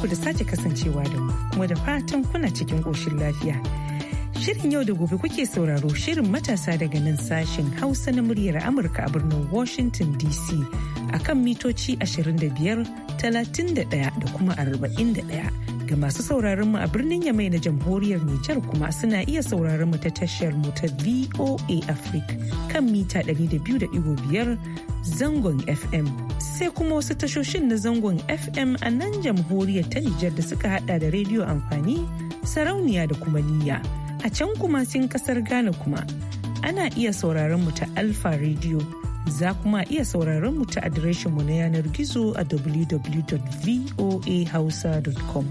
ku da sake kasancewa da mu kuma da fatan kuna cikin ƙoshin lafiya. Shirin yau da gobe kuke sauraro shirin matasa daga nan sashen Hausa na muryar Amurka a birnin Washington DC akan kan mitoci 25, 31 da kuma 41. ga masu sauraron mu a birnin Yamai na jamhuriyar Nijar kuma suna iya sauraron mu ta tashar mu ta VOA Africa kan mita 200.5 zangon FM. Sai kuma wasu tashoshin na zangon FM a nan jamhuriyar ta Nijar da suka hada da rediyo amfani, sarauniya da kuma niyya. A can kuma sun kasar Ghana kuma ana iya sauraron mu ta Alpha Radio. za kuma iya sauraron mu ta adireshinmu na yanar gizo a www.voahausa.com.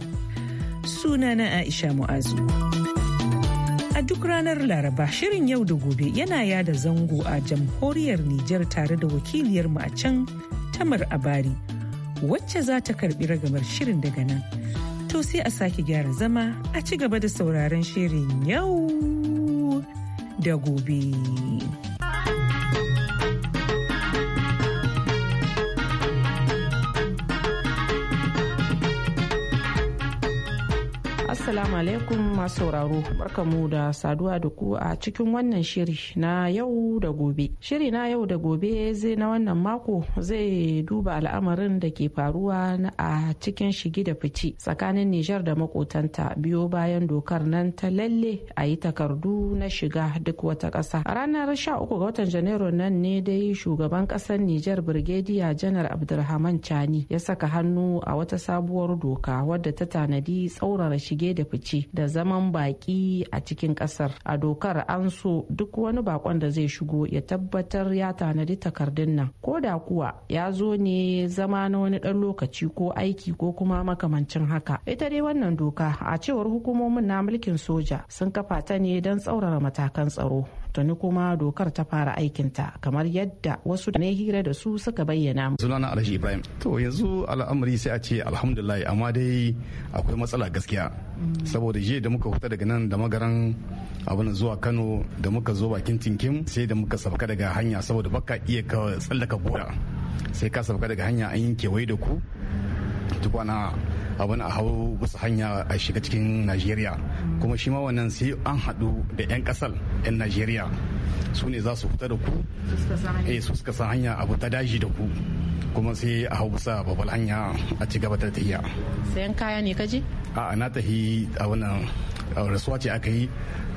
sunana Aisha Mu'azu. A duk ranar Laraba shirin yau da gobe yana yada zango a jamhuriyar Nijar tare da wakiliyarmu a can Tamar Abari wacce za ta karbi ragamar shirin daga nan. To sai a sake gyara zama a ci gaba da sauraron shirin yau da gobe. Assalamu alaikum masu sauraro barkamu da saduwa da ku a cikin wannan shiri na yau da gobe. Shiri na yau da gobe zai na wannan mako zai duba al'amarin da ke faruwa a cikin shigi da fice. tsakanin Nijar da makotanta biyo bayan dokar nan ta lalle a yi takardu na shiga duk wata ƙasa. A ranar 13 ga watan Janairu nan ne dai shugaban ƙasar Nijar Birgediya Janar Abdulrahman Chani ya saka hannu a wata sabuwar doka wadda ta tanadi tsaurara shige da fice da zaman baki a cikin kasar a dokar an so duk wani bakon da zai shigo ya tabbatar ya tanadi takardun nan ko da kuwa ya zo ne zama na wani dan lokaci ko aiki ko kuma makamancin haka ita dai wannan doka a cewar hukumomin na mulkin soja sun kafa ta ne don tsaurara matakan tsaro tuni kuma dokar ta fara aikinta kamar yadda wasu da ne hira da su suka bayyana. Sunana Alhaji Ibrahim. To yanzu al'amari sai a ce alhamdulillah amma dai akwai matsala gaskiya. Saboda jiya da muka huta daga nan da magaran abin zuwa Kano da muka zo bakin Tinkim sai da muka sabka daga hanya saboda baka iya ka tsallaka gora. Sai ka sabka daga hanya an yi kewaye da ku tukwana abin a hau wasu hanya a shiga cikin najeriya kuma shi ma wannan sai an haɗu da 'yan ƙasar 'yan najeriya su ne za su fita da ku su suka san hanya abu eh, ta daji da ku kuma sai a hau bisa babal hanya a ci gaba ta tafiya sayan kaya ne kaji a na tahi a wannan rasuwa ce aka yi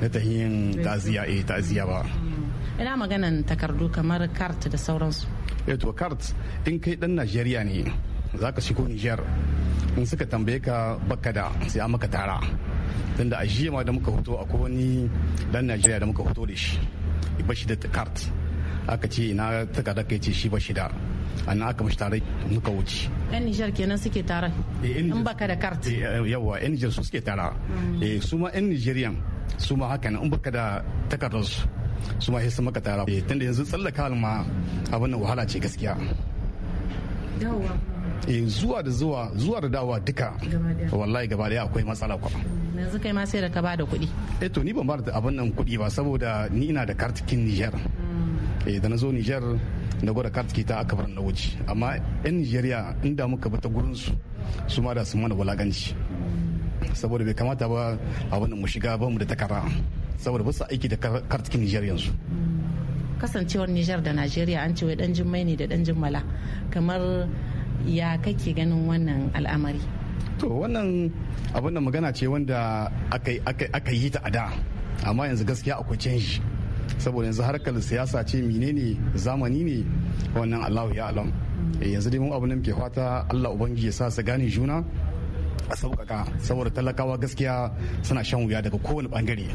na tahiyin ta'aziyya eh ta'aziyya ba mm. ina maganan takardu kamar kart da sauransu eh to kart in kai dan najeriya ne za ka shigo niger in suka tambaye ka baka da sai an maka tara tunda a jiya ma da muka hoto a wani dan najeriya da muka hoto da shi bashi da kart aka ce ina takarda kai ce shi bashi da annan aka mashi tare muka wuce yan nijar kenan suke tara eh, in baka da kart eh, eh, yawa yan nijar su suke tara mm. su ma yan nijeriyan su ma haka in baka da takardar su su ma sai maka tara tunda yanzu tsallaka ma abin wahala ce gaskiya yawa eh zuwa da zuwa zuwa da dawa duka wallahi gaba daya akwai matsala kwa yanzu kai ma sai da ka bada kuɗi eh to ni ban bada abin nan kuɗi ba saboda ni ina da kartikin Niger mm. eh da na zo Niger na gwada kartiki ta aka bar na wuce amma yan Nigeria inda muka bata ta gurin su su ma da su mana wulakanci mm. saboda bai kamata ba abin mu shiga ba mu da takara saboda ba su aiki da kartikin Niger yanzu mm. kasancewar Nijar da Najeriya an ce wai dan jimmai ne da dan jimmala kamar ya kake ganin wannan al'amari to wannan abin da magana ce wanda aka yi ta ada da amma yanzu gaskiya akwai canji saboda yanzu harkar siyasa ce menene zamani ne wannan allahu ya alam eh, yanzu dai mun abin da ke fata allah ubangi ya sa su gane juna a sauƙaƙa saboda talakawa gaskiya suna shan wuya daga kowane bangare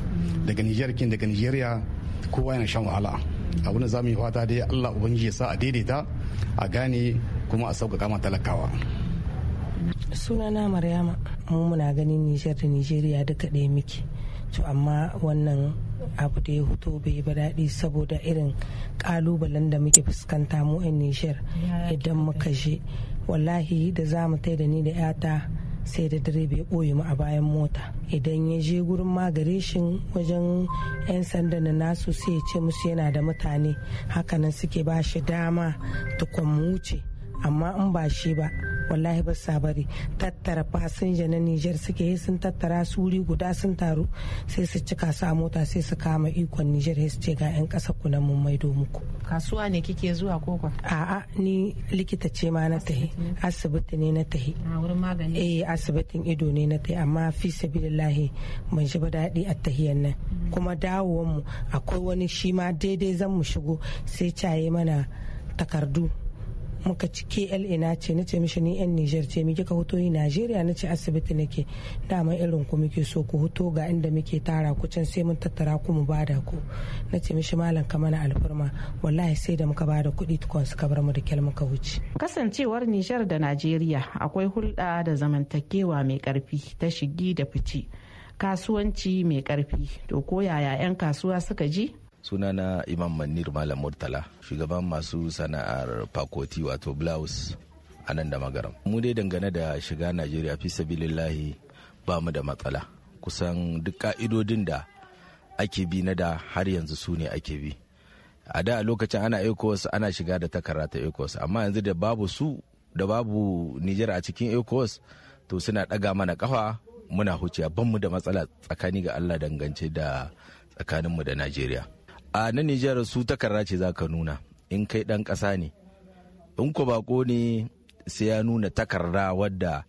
daga nijar kin daga nijeriya kowa yana shan wahala abin da za mu yi fata dai allah ubangiji ya sa a daidaita a gane kuma a sauƙaƙa ma talakawa sunana maryama mu muna ganin nijar da nijeriya duka ɗaya miki to amma wannan abu da ya hoto bai ba daɗi saboda irin ƙalubalen da muke fuskanta mu in nijar idan muka je wallahi da za mu tai da ni da 'yata sai da dare bai ɓoye mu a bayan mota idan ya je gurin magareshin wajen 'yan sanda na nasu sai ya ce musu yana da mutane hakanan suke ba shi dama tukun wuce amma in ba shi ba wallahi ba sa bari tattara fasinja na Nijar suke yi sun tattara su wuri guda sun taru sai su cika su a mota sai su kama ikon Nijar ya su ce ga 'yan kasa ku nan mun maido muku. Kasuwa ne kike zuwa koko? A'a ni likita ce ma na tahi asibiti ne na tahi. Eh asibitin ido ne na tahi amma fi sabilillahi ban shi ba daɗi a tahiyan nan. Mm. Kuma dawowan mu akwai wani shi ma daidai zan mu shigo sai caye mana takardu muka ci KL ina ce na ce mishi ni yan Niger ce mi kika hoto ni Najeriya nace asibiti nake dama irin ku muke so ku hoto ga inda muke tara ku can sai mun tattara ku mu bada ku na ce mishi malam ka mana alfarma wallahi sai da muka bada kuɗi tukun suka bar mu da kyal muka wuce kasancewar Niger da nigeria akwai hulɗa da zamantakewa mai ƙarfi ta shigi da fice kasuwanci mai ƙarfi to ko yaya 'yan kasuwa suka ji sunana imam manir malam murtala shugaban masu sana'ar fakoti wato blouse a nan da magaram mu dai dangane da shiga najeriya fi sabilillahi ba mu da matsala kusan duk ka'idodin da ake bi na da har yanzu su ne ake bi a da lokacin ana ecos ana shiga da takarda ta ecos amma yanzu da babu su da babu nijar a cikin ecos to suna daga mana kafa muna huciya ban mu da matsala tsakani ga allah dangance da tsakaninmu da najeriya a na nijar su takarda ce za ka nuna in kai ɗan ƙasa ne in ku bako ne sai ya nuna takarda wadda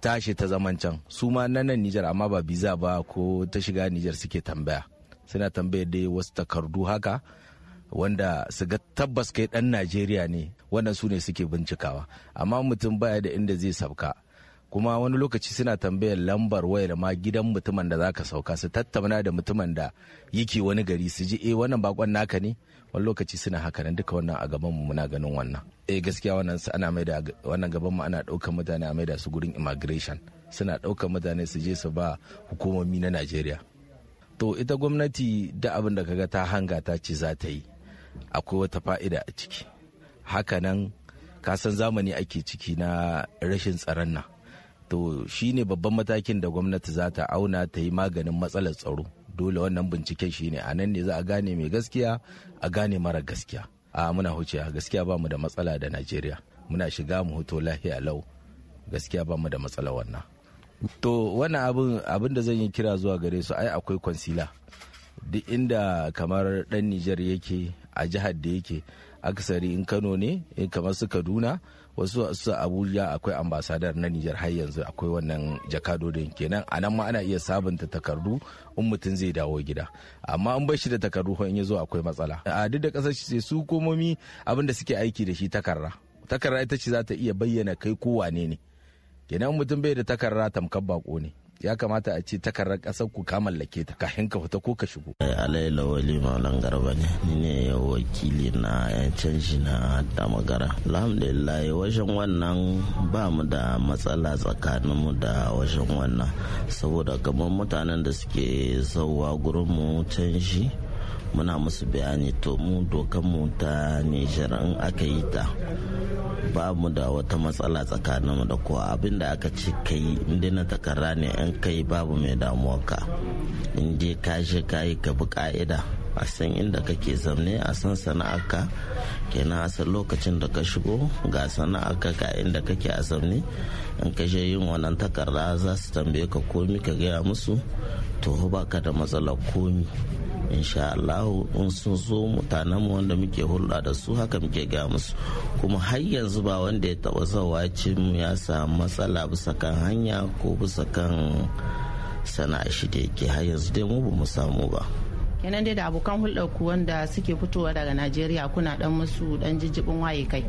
tashi ta zaman can su ma na nan nijar amma ba biza ba ko ta shiga nijar suke tambaya suna tambaya dai wasu takardu haka wanda su ga tabbas kai ɗan najeriya ne wannan su ne suke bincikawa amma mutum baya da inda zai sabka kuma wani lokaci suna tambayar lambar wayar ma gidan mutumin da zaka sauka su tattauna da mutumin da yake wani gari su ji eh wannan bakon naka ne wani lokaci suna haka nan duka wannan a gaban mu muna ganin wannan eh gaskiya wannan ana mai wannan gaban mu ana daukar mutane a mai su gurin immigration suna daukar mutane su je su ba hukumomi na Najeriya to ita gwamnati da abin da kaga ta hanga ta ce za ta yi akwai wata fa'ida a ciki haka nan kasan zamani ake ciki na rashin tsaron nan to shi ne babban matakin da gwamnati za ta auna ta yi maganin matsalar tsaro dole wannan binciken shi ne a nan ne za a gane mai gaskiya a gane mara gaskiya a muna huce gaskiya ba mu da matsala da najeriya muna shiga mu hoto lahiya lau gaskiya ba mu da matsala wannan to wannan abin abin da zan yi kira zuwa gare su ai akwai kwansila duk inda kamar dan nijar yake a jihar da yake akasari in kano ne in eh, kamar su kaduna wasu su abuja akwai ambasadar na nijar har yanzu akwai wannan jakadodin kenan a nan ma ana iya sabunta takardu in mutum zai dawo gida amma an bai shi da takardu in ya zo akwai matsala a duk da kasar sai su komomi abin da suke aiki da shi takarra takarra ita ce za ta iya bayyana kai ko wane ne kenan mutum bai da takarra tamkar bako ne ya kamata a ce takarar ƙasar ku ka mallake ta kafin ka fita ko ka shigo. Alayi Lawali Maulan Garba ne, ni ne wakili na yan canji na Damagara. Alhamdulillah wajen wannan ba mu da matsala tsakanin mu da wajen wannan saboda kamar mutanen da suke zauwa gurin mu canji muna musu bayani to mu mu ta nijar in aka yi ta ba da wata matsala tsakaninmu da kowa abin da aka ce ka yi inda na takarra ne in ka yi babu mai damuwa ka in je ka je ka yi ka bi ka'ida a san inda kake zamne a san ka kenan a san lokacin da ka shigo ga ka ka inda kake a zamne in ka je yin wannan takarda za su tambaye ka komi ka gaya musu to ba ka da matsala komi insha Allah in sun zo mutanenmu wanda muke hulɗa da su haka muke ga musu kuma har yanzu ba wanda ya taɓa zawa mu ya samu matsala bisa kan hanya ko bisa kan sana'a shi da yake har yanzu dai mu ba mu samu ba kenan dai da abokan hulɗar ku wanda suke fitowa daga najeriya kuna dan musu dan jijjibin waye kai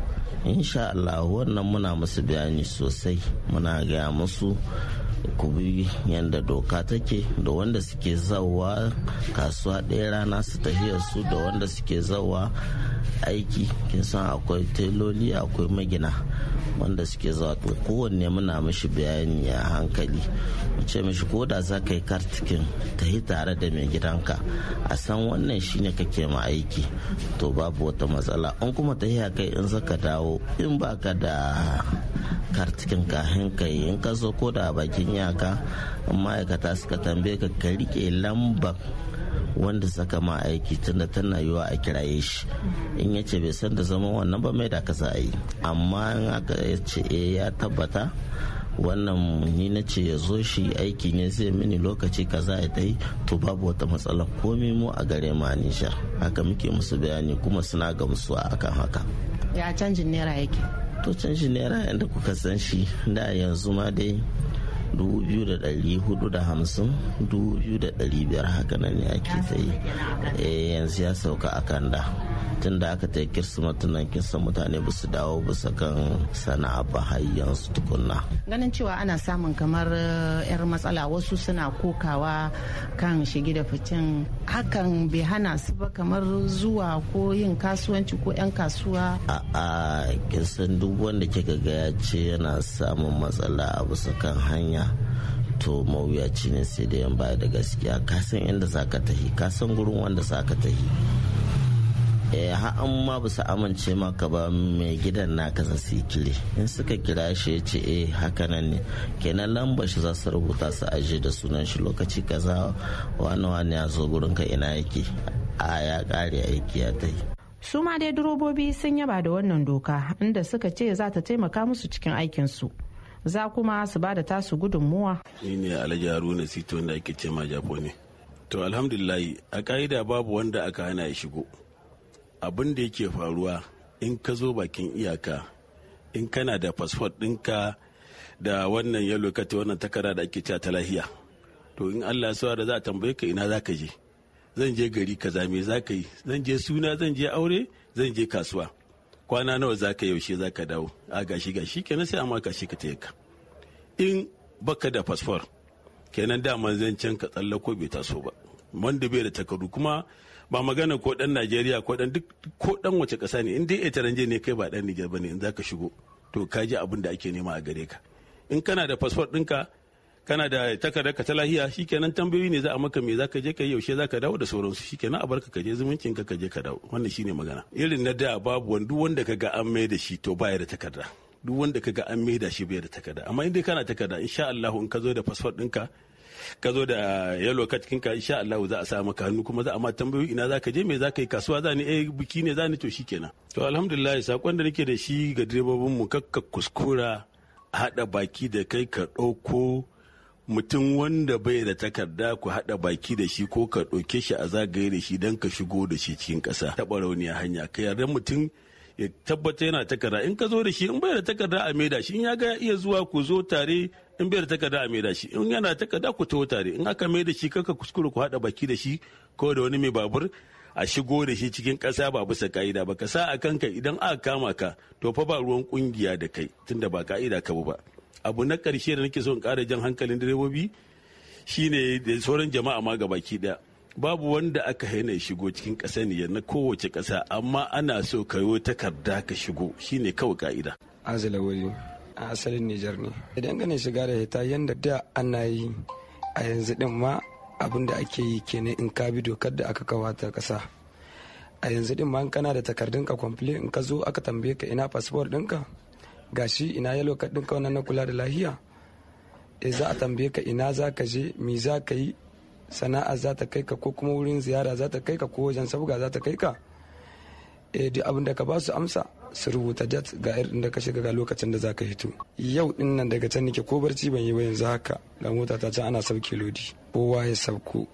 insha Allah wannan muna musu bayani sosai muna gaya musu ku bi yadda doka take da wanda suke zawa kasuwa ɗaya rana su tafiya su da wanda suke zawa aiki kin san akwai teloli akwai magina wanda suke zawa to kowanne muna mishi bayani a hankali ce mishi ko da za ka yi kartikin ta yi tare da mai gidanka a san wannan shine kake ma aiki to babu wata matsala in kuma yi kai in za ka dawo in ba ka da kartikin kahin kai in ka zo ko da bakin iyaka ma'aikata suka tambaye ka ka rike lambar wanda saka ma aiki da tana yiwa a kiraye shi in ya ce bai san da zama wannan ba mai da ka sa yi amma in aka ce eh, ya tabbata wannan ni na ce ya zo shi aiki ne zai mini lokaci kaza ya dai to babu wata matsala komi mu a gare ma nisha haka muke musu bayani kuma suna gamsuwa akan haka ya canjin naira yake to canjin naira yadda kuka san shi da yanzu ma dai 2,450 haka nan ne ake ta yi eh, yanzu ya sauka a kanda tun da aka ta yi tunan mutane ba su dawo su kan sana'a ba su tukunna ganin cewa ana samun kamar eh, 'yar matsala wasu suna kokawa kan shige da ficin hakan bai hana su ba kamar zuwa ko yin kasuwanci ko 'yan kasuwa a kin duk wanda kika ga ya ce yana samun matsala a bisa kan hanya to mawuyaci ne sai da yan da gaskiya ka san inda za ka tahi ka san gurin wanda za ka tahi eh an ma ba su amince maka ba mai gidan na kasan su kire in suka kira shi ya ce eh haka nan ne kenan lamba shi za su rubuta su aje da sunan shi lokaci kaza wani wani ya zo gurin ka ina yake a ya kare aiki ya tahi su ma dai durobobi sun yaba da wannan doka inda suka ce za ta taimaka musu cikin aikinsu. za kuma su bada da tasu gudunmuwa. Ni ne Alhaji Haruna Sito wanda ake ce ma Jafo ne. To alhamdulillahi a ka'ida babu wanda aka hana ya shigo. Abin da yake faruwa in ka zo bakin iyaka in kana da fasfot ɗinka da wannan yalo ka wannan takarda da ake cewa ta lahiya. To in Allah ya da za a tambaye ka ina za ka je. Zan je gari kaza me za ka yi zan je suna zan je aure zan je kasuwa. kwana nawa za ka yaushe za ka dawo a gashi gashi kenan sai amma gashi ka ka in baka da fasfor kenan daman can ka ko bai taso ba wanda bai da takardu kuma ba magana ko dan najeriya ko dan duk ko dan wace kasa ne in dai taranje ne kai ba dan nijar bane in za ka shigo to ka ji abin da ake nema a gare ka in kana da fasfor ɗinka kana da takarda ka ta lahiya shikenan tambayoyi ne za a maka me za ka je ka yaushe za ka dawo da sauransu shikenan a barka ka je zumuncin ka ka je ka dawo wannan shine magana irin na da babu wanda wanda kaga an mai da shi to baya da takarda duk wanda kaga an mai da shi bai da takarda amma in kana takarda insha Allah in ka zo da passport ɗinka ka zo da yalo card kin ka insha Allah za a sa maka hannu kuma za a ma tambayoyi ina za ka je me za ka yi kasuwa za ni eh biki ne za ni to shikenan to alhamdulillah sakon da nake da shi ga direbobin mu kakka kuskura a hada baki da kai ka ɗauko mutum wanda bai da takarda ku haɗa baki da shi ko ka ɗauke shi a zagaye da shi don ka shigo da shi cikin ƙasa taɓa rauniya hanya ka yarda mutum ya tabbata yana takarda in ka zo da shi in bai da takarda a maida shi in ya ga iya zuwa ku zo tare in bai da takarda a maida shi in yana takarda ku taho tare in aka maida shi kaka kuskure ku haɗa baki da shi ko da wani mai babur a shigo da shi cikin ƙasa ba bisa ka'ida ba ka sa a kanka idan aka kama ka to fa ba ruwan ƙungiya da kai tunda ba ka'ida ka ba. abu na karshe da nake so in kara jan hankalin direbobi shine da sauran jama'a ma ga baki daya babu wanda aka haina shigo cikin ƙasa ne na kowace ƙasa amma ana so ka yi takarda ka shigo shine kawai ka'ida azala a asalin nijar ne idan ganin shiga da hita yanda da ana yi a yanzu din ma abin da ake yi kenan in ka bi dokar da aka kawata kasa a yanzu din ma kana da takardun ka in ka zo aka tambaye ka ina fasfor dinka. gashi ina yalo ka ɗin kauna na kula da lahiya e za a tambaye ka ina za ka je mi za ka yi sana'a za ta kai ka ko kuma wurin ziyara za ta kai ka ko wajen sabga za ta kai ka e duk abin da ka ba su amsa su rubuta jet ga irin da ka shiga ga lokacin da za ka hito yau din nan daga can nake ko barci ban yi ba yanzu haka ga mota ta can ana sauke lodi kowa ya sauko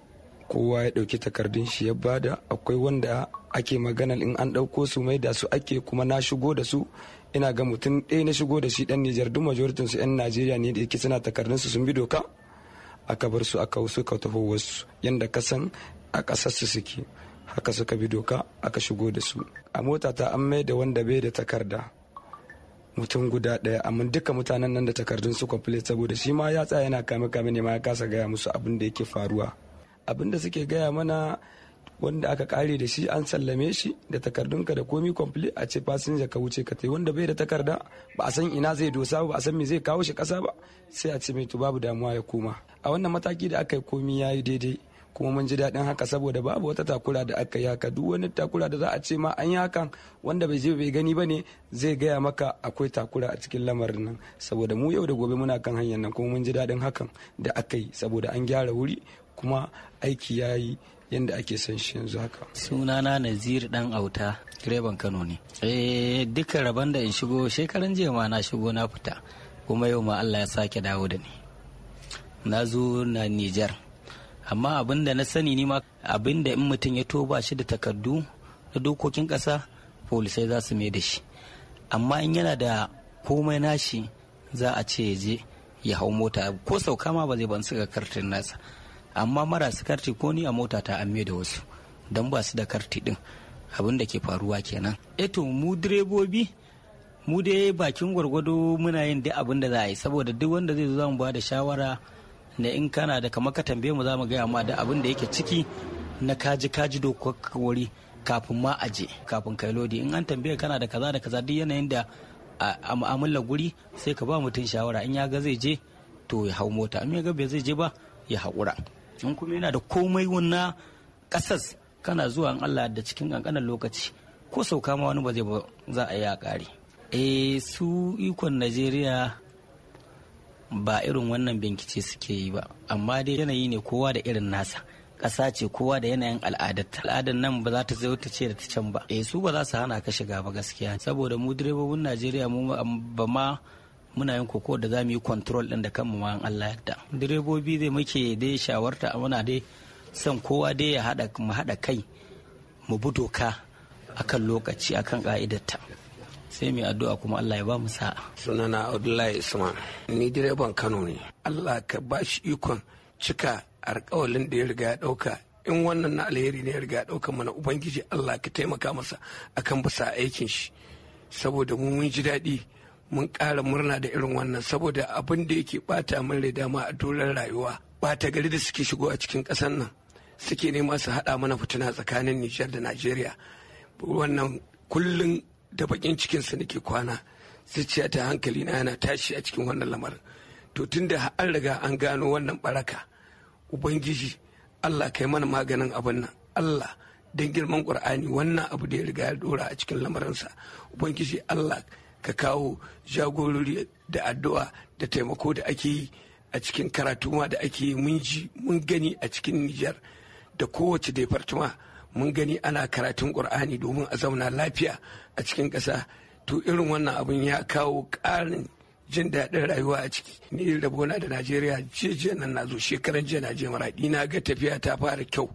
kowa ya ɗauki takardun shi ya bada akwai wanda ake maganar in an ɗauko su mai da su ake kuma na shigo da su ina ga mutum ɗaya na shigo da shi ɗan Nijar duk majoritin su 'yan Najeriya ne da yake suna takardun su sun bi doka aka bar su aka wasu ka tafi wasu yanda ka san a ƙasar su suke haka suka bi doka aka shigo da su a mota ta an mai da wanda bai da takarda mutum guda ɗaya amma duka mutanen nan da takardun su complete saboda shi ma ya tsaya yana kame kame ne ma ya kasa gaya musu abin da yake faruwa abin da suke gaya mana wanda aka kare da shi an sallame shi da takardunka da komi komple a ce fasinja ka wuce ka tai wanda bai da takarda ba a san ina zai dosa ba a san me zai kawo shi kasa ba sai a ce mai to babu damuwa ya koma a wannan mataki da aka yi komi yayi daidai kuma mun ji daɗin haka saboda babu wata takura da aka yi haka duk wani takura da za a ce ma an yi hakan wanda bai je bai gani ba ne zai gaya maka akwai takura a cikin lamarin nan saboda mu yau da gobe muna kan hanyar nan kuma mun ji daɗin hakan da aka yi saboda an gyara wuri kuma aiki ya yi yadda ake son shi yanzu haka. Sunana Nazir Dan Auta, direban Kano ne. Eh dukkan rabon da in shigo shekaran jiya ma na shigo na fita kuma yau ma Allah ya sake dawo da ni. Na zo na Nijar. Amma abin da na sani ni ma abin da in mutum ya toba shi da takardu na dokokin ƙasa polisai za su mai da shi. Amma in yana da komai nashi za a ce ya je ya hau mota ko sauka ma ba zai ban suka kartin nasa. amma marasa karti ko ni a mota ta amme da wasu don ba su da karti din abin da ke faruwa kenan eto eh mu direbobi mu dai bakin gwargwado muna yin duk abin da za a yi saboda duk wanda zai zo za mu ba da shawara na in kana da kamar ka tambaye mu za mu gaya ma da abin da yake ciki na kaji kaji dokar wuri kafin ma a je kafin kai lodi in an tambaye kana da kaza da kaza duk yanayin da a mu'amalar guri sai ka ba mutum shawara in ya ga zai je to ya hau mota in ya ga bai zai je ba ya haƙura in kuma yana da komai na kasas kana zuwa an Allah da cikin kankanin lokaci ko sauka ma wani ba zai ba za a yi a kare eh su ikon Najeriya ba irin wannan binkice suke yi ba amma dai yanayi ne kowa da irin nasa ƙasa ce kowa da yanayin ta. al'adar nan ba za ta zo ta ce da ta can ba eh su ba za su hana ka shiga ba gaskiya saboda mu direbobin najeriya mu ba ma muna yin koko da za mu yi control din da kanmu ma Allah yadda direbobi zai muke da shawarta a muna dai son kowa dai ya hada mu hada kai mu bi doka akan lokaci akan ka'idarta sai mai addu'a kuma Allah ya ba mu sa'a sunana Abdullahi Usman ni direban Kano ne Allah ka ba shi ikon cika alƙawalin da ya riga ya ɗauka in wannan na alheri ne ya riga ya ɗauka mana ubangiji Allah ka taimaka masa akan bisa aikin shi saboda mun ji daɗi mun ƙara murna da irin wannan saboda abin da yake bata min rai dama a doron rayuwa bata gari da suke shigo a cikin ƙasar nan suke nema su haɗa mana fituna tsakanin Nijar da Najeriya wannan kullum da bakin cikin su nake kwana zuciya ta hankali na yana tashi a cikin wannan lamarin to tun da an riga an gano wannan baraka ubangiji Allah kai mana maganin abin nan Allah don girman ƙur'ani wannan abu da ya riga ya dora a cikin lamarinsa ubangiji Allah ka kawo jagorori da addu'a da taimako da ake yi a cikin karatu ma da ake yi mun ji mun gani a cikin Nijar da kowace departama mun gani ana karatun ƙur'ani domin a zauna lafiya a cikin ƙasa to irin wannan abin ya kawo ƙarin jin daɗin rayuwa a ciki ni rabona da najeriya nan na zo shekaran jiya na je maraɗi na ga tafiya ta fara kyau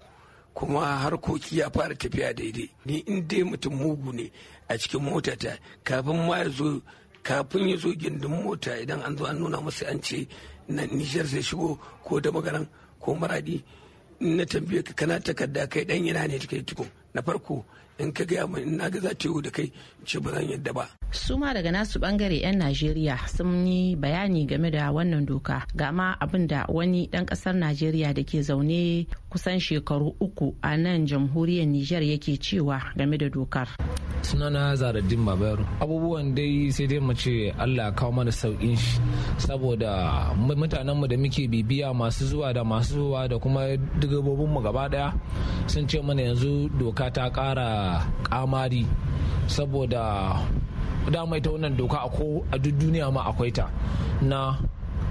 kuma harkoki ya fara tafiya daidai ni in dai mutum mugu ne a cikin motata kafin ma ya zo kafin ya zo gindin mota idan an zo an nuna masa an ce na nijar zai shigo ko da magaran ko maradi na tambaye ka kana takarda kai dan yana ne kai tuko na farko in ka gaya min na ga za ta yi da kai ce ba zan yadda ba. su daga nasu bangare 'yan najeriya sun yi bayani game da wannan doka ga ma abin da wani dan kasar najeriya da ke zaune kusan shekaru uku a nan jamhuriyar niger yake cewa game da dokar. sunana zaradin babayar abubuwan dai sai dai mu allah kawo mana sauƙin shi saboda mutanenmu da muke bibiya masu zuwa da masu zuwa da kuma digabobinmu gaba daya sun ce mana yanzu doka ta kara. kamari saboda dama ita wannan doka a duk duniya ma akwai ta na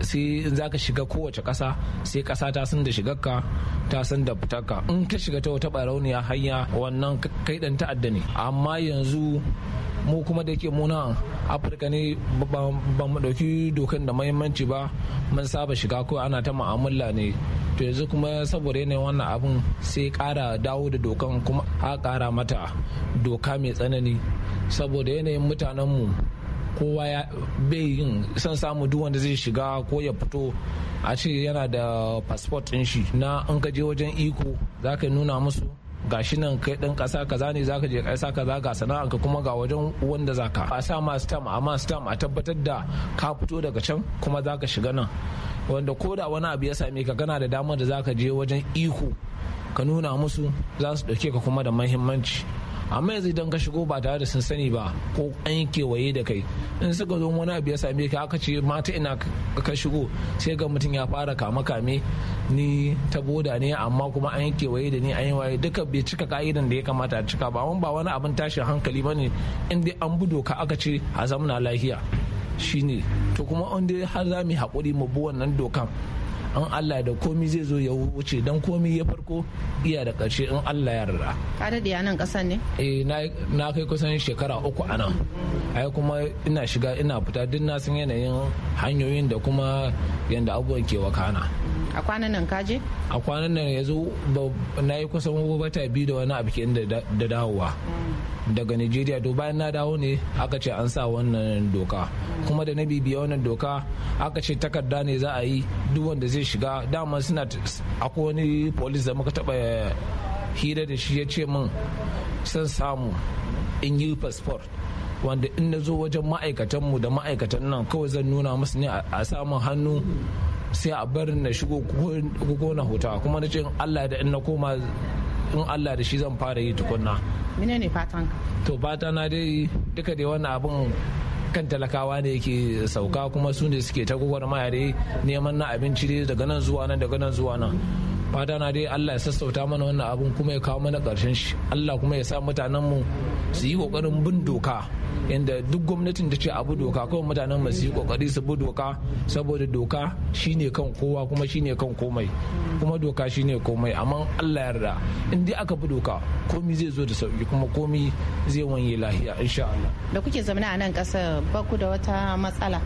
sai za ka shiga kowace ƙasa sai ƙasa ta san da shigarka ta san da fitarka in ka shiga ta wata barauniya hanya wannan kai ɗan ta'adda ne amma yanzu mu kuma da ke muna afirka ne ba mu ɗauki dokan da mahimmanci ba mun saba shiga ko ana ta mu'amala ne to yanzu kuma saboda yanayin wannan abun sai ƙara dawo da dokan kuma a ƙara mata doka mai tsanani saboda yanayin mutanenmu kowa ya bai yin son samu duk wanda zai shiga ko ya fito a ce yana da passport din shi na in ka je wajen iko za ka nuna musu ga shi nan kai ɗan ƙasa kaza ne za ka je ƙasa kaza ga sana'ar ka kuma ga wajen wanda za ka. a sa ma stam amma stam a tabbatar da ka fito daga can kuma za ka shiga nan wanda ko da wani abu ya same ka kana da damar da za ka je wajen iko ka nuna musu za su ɗauke ka kuma da muhimmanci. amma yanzu idan ka shigo ba tare da sun sani ba ko an yi kewaye da kai in suka zo wani abu ya same ka aka ce mata ina ka shigo sai ga mutum ya fara kama kame ni ta boda ne amma kuma an yi kewaye da ni an yi waye duka bai cika ka'idan da ya kamata a cika ba ba wani abin tashin hankali ba ne in dai an budo ka aka ce a zamana lafiya shine to kuma dai har za mu haƙuri mu bi wannan dokan an Allah da komi zai zo ya wuce dan komi ya farko iya da ƙarshe in Allah ya rara ka daɗe a nan ƙasan ne eh na kai kusan shekara uku a nan ai kuma ina shiga ina fita duk na san yanayin hanyoyin da kuma yanda abubuwan ke wakana a kwanan nan kaje a kwanan nan yanzu na yi kusan wata biyu da wani abu da dawowa daga nigeria to bayan na dawo ne aka ce an sa wannan doka kuma da na bibiya wannan doka aka ce takarda ne za a yi duk wanda zai shiga dama suna akwai wani polis da muka taba hira da shi ya ce min sun samu in yi fasfor wanda in na zo wajen ma'aikatanmu da ma'aikatan nan kawai zan nuna musu ne a samun hannu sai a bar na shigo ko na huta kuma na ce in Allah da in na koma in Allah da shi zan fara yi tukunna mene ne fatan to fata na dai duka dai wannan abin kan talakawa ne yake sauka kuma su ne suke ta gwagwarmaya neman na abinci dai daga nan zuwa nan daga nan zuwa nan fata na dai Allah ya sassauta mana wannan abun kuma ya kawo mana karshen shi Allah kuma ya sa mutanen mu su yi kokarin bin doka inda duk gwamnatin ta ce abu doka kawai mutanen masu yi kokari su bi doka saboda doka shine kan kowa kuma shine kan komai kuma doka shine komai amma Allah yarda in dai aka bi doka komi zai zo da sauki kuma komi zai wanye lahiya insha Allah da kuke zaune a nan kasar ba ku da wata matsala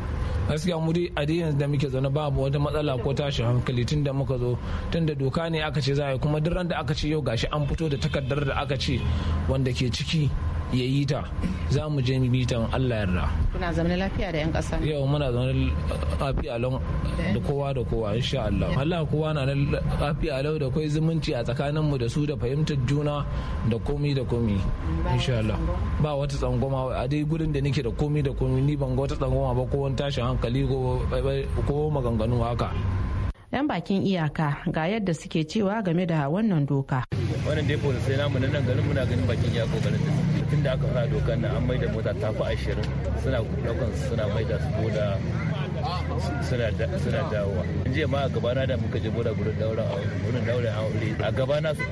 gaskiya mu dai a yanzu da muke zaune babu wata matsala ko tashin hankali tun da muka zo tun da doka ne aka ce za a yi kuma duk da aka ce yau gashi an fito da takardar da aka ce wanda ke ciki ya yi ta za mu je mu bi ta Allah yarda kuna zaune lafiya da yan kasa yau muna zaune lafiya lau da kowa da kowa insha Allah Allah kowa na lafiya lau da kai zumunci a tsakanin mu da su da fahimtar juna da komi da komi insha Allah ba wata tsangwama a dai gurin da nake da komi da komi ni ban ga wata tsangwama ba ko wani tashin hankali ko maganganu haka 'yan bakin iyaka ga yadda suke cewa game da wannan doka. Wannan dai sai namu nan ganin muna ganin bakin iyako ganin tun da aka fara dokar nan an maida mota ta fi ashirin suna daukan suna maida su boda suna dawowa in je ma a gabana da muka je boda gurin daura a wurin daura aure a gabana su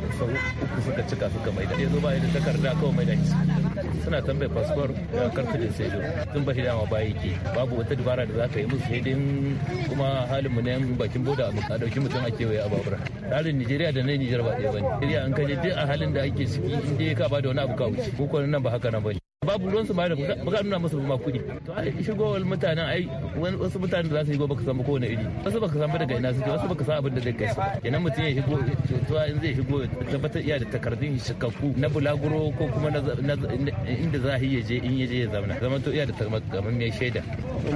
uku suka cika suka maida ya zo ba da takarda kawai maida shi suna tambayar fasfor da karta da sai tun ba shi dama ba yake babu wata dabara da za ka yi musu sai dai kuma halin mu ne bakin boda a dauki mutum a kewaye a babura tsarin Nijeriya da na Nijar ba ɗaya bane Nijeriya an kaje duk a halin da ake ciki in dai ka ba da wani abu ka wuce ko nan ba haka nan bane babu ruwan su bayan da baka nuna musu ma kuɗi to ai shigowar mutanen ai wasu mutanen da za su shigo baka san ba kowane iri wasu baka san ba daga ina suke wasu baka san abin da zai kai su idan mutum ya shigo to in zai shigo tabbatar iya da takardun shikakku na bulaguro ko kuma inda za ya je in ya je ya zauna zama to iya da takardun mai shaida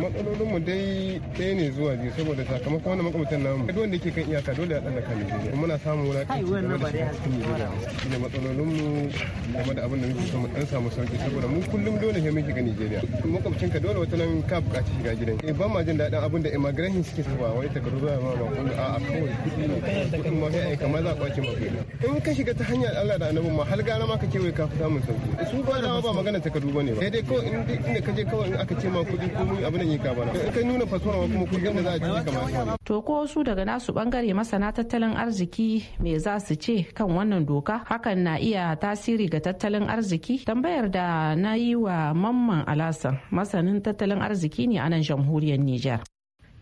matsalolin mu dai ɗaya ne zuwa biyu saboda sakamakon wannan makamtan namu duk wanda yake kan iyaka dole ya tsallaka ne kuma muna samun wulaƙanci game da matsalolin mu game da abin da muke so mu dan samu sauki saboda mu kullum dole sai mun shiga Nigeria makwabcin ka dole wata nan ka bukaci shiga gidan eh ba ma jin daɗin abin da immigration suke saba wai ta zuwa ma ba kun a a kawai kudi ne kudin ma sai kamar za a kwace ma kudi in ka shiga ta hanyar Allah da annabi ma har gara ma ka kewaye ka fi samun sauki su ba da ba magana ta kadu bane ba sai dai kawai inda ka je kawai in aka ce ma kudi ko mun abin nan ne ka bana ka nuna fasfara ma kuma kudin da za a ci kamar to ko su daga nasu bangare masana tattalin arziki me za su ce kan wannan doka hakan na iya tasiri ga tattalin arziki tambayar da na yi wa mamman alasan masanin tattalin arziki ne a nan jamhuriyar Nijar.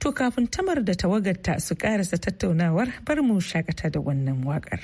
To kafin tamar da tawagarta su karasa tattaunawar bar mu shakata da wannan waƙar.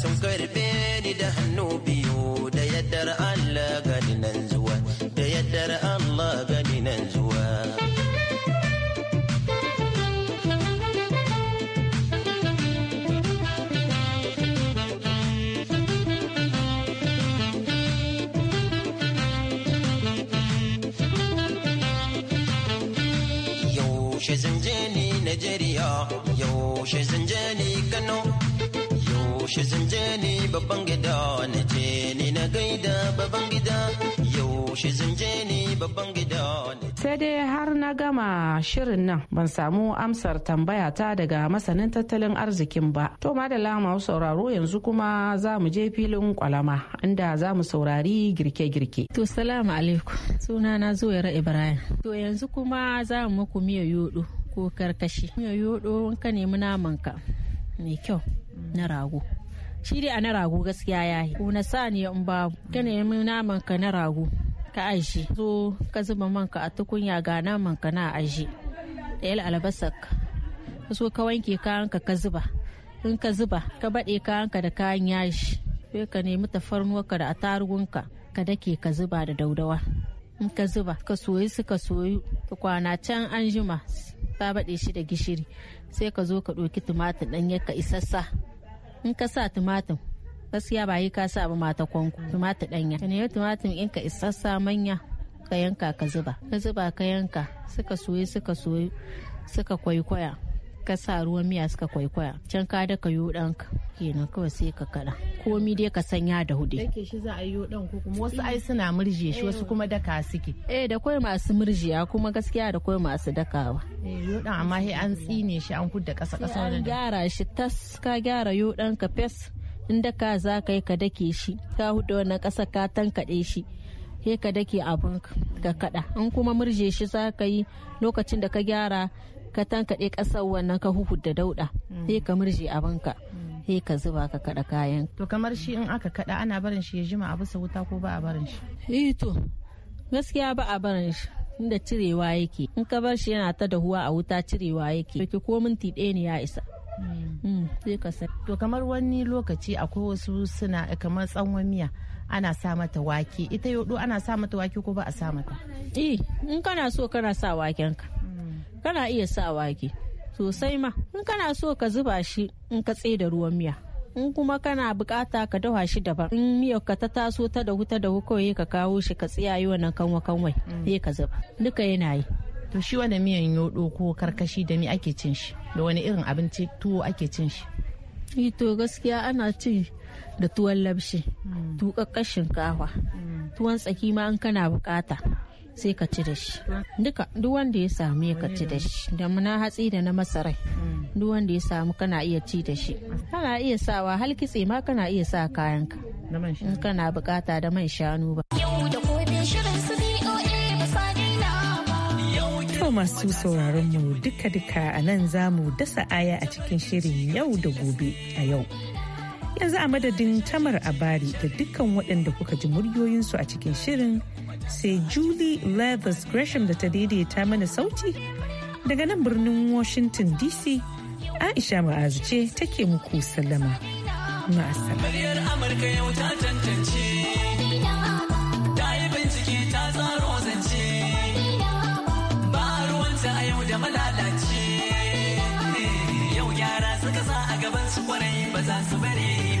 sun karbe ni da hannu biyu da yaddar Allah gani nan zuwa da yaddar Allah gani nan zuwa Yaushe zan je ni Najeriya, yaushe zan je ni Kano, shi zanje ni babban gida na je ni na gaida babban gida yau shi babban gida sai dai har na gama shirin nan ban samu amsar tambaya ta daga masanin tattalin arzikin ba to da masu sauraro yanzu kuma za mu je filin kwalama inda za mu saurari girke-girke to salamu alaikum suna na zuwaira ibrahim to yanzu kuma za mu muku miya yodo ko karkashi miya yodo in ka nemi naman ka mai kyau na rago shi dai a na rago gaskiya ya yi sa saniya in ba ka nemi naman ka na rago ka aji zo ka zuba manka a tukunya ga naman ka na aji da yal albasar ka so ka wanke kayanka ka zuba in ka zuba ka baɗe kayanka da kayan yashi sai ka nemi tafarnuwarka da atarugunka ka dake ka zuba da daudawa in ka zuba ka soyi suka soyu kwana can anjima. jima ta baɗe shi da gishiri sai ka zo ka ɗauki tumatir ɗan ka isassa in ka sa tumatir gaskiya ba yi ka sa ba mata kwanku tumatir danya ka nemi tumatir in ka isassa manya ka yanka ka zuba ka zuba ka yanka suka soyu suka suka kwaikwaya ka sa ruwan miya suka kwaikwaya can ka daka ka ɗanka kenan kawai sai ka kaɗa komi dai ka sanya da hudu. Dake shi za a yi ɗan ko kuma wasu ai suna murje shi wasu eh. kuma daka suke. Eh da kawai masu murjiya kuma gaskiya da kawai masu dakawa. Eh yoɗan amma sai an tsine shi an kudda ƙasa ƙasa. An gyara shi tas ka gyara yoɗan ka fes in daka za ka yi ka dake shi ka huda wannan ƙasa ka tankaɗe shi. Sai ka dake abin ka kaɗa in kuma murje shi za ka yi lokacin da ka gyara ka tankaɗe ƙasar wannan ka huhu da dauɗa sai mm. ka murje abinka sai mm. ka zuba ka kaɗa kayan to kamar shi in aka kaɗa ana barin shi ya jima a bisa wuta ko ba a barin shi eh to gaskiya ba a barin shi inda cirewa yake in ka bar shi yana ta dahuwa a wuta cirewa yake to ko minti ɗaya ne ya isa mm. to kamar wani lokaci akwai wasu suna eh, kamar tsawon miya ana sa mata wake ita yodo ana sa mata wake ko ba a sa mata eh in kana so kana sa waken ka kana iya sa wake sosai ma in kana so ka zuba shi in ka da ruwan miya in kuma kana bukata ka dawa shi daban in miyar ka ta taso ta da huta da kawai ka kawo shi ka yi wannan kanwa kanwai mm. sai ka zuba duka yana yi to shi wannan miyan yodo ko karkashi da ni ake cin shi da wani irin abinci tuwo ake cin shi e, to gaskiya ana cin da tuwon labshi mm. tuƙaƙƙar shinkafa mm. tuwon tsaki ma in kana bukata sai ka ci da shi duka duk wanda ya samu ya ka ci da shi da muna hatsi da na masarai duk wanda ya samu kana iya ci da shi kana iya sawa hal kitse ma kana iya sa kayanka in kana bukata da man shanu ba masu sauraron mu duka-duka a nan za mu dasa aya a cikin shirin yau da gobe a yau. Yanzu a madadin tamar abari da dukkan waɗanda kuka ji muryoyinsu a cikin shirin sai Julie Levis Gresham da ta daidaita mana sauti daga nan birnin Washington DC Aisha Ma'azu ce take muku sallama. Ma'asala. Amurka yau ta tantance, ta yi bincike ta tsaro zance, ba ruwanta a yau da malalace, yau gyara suka sa a gaban su kwarai ba za su bare.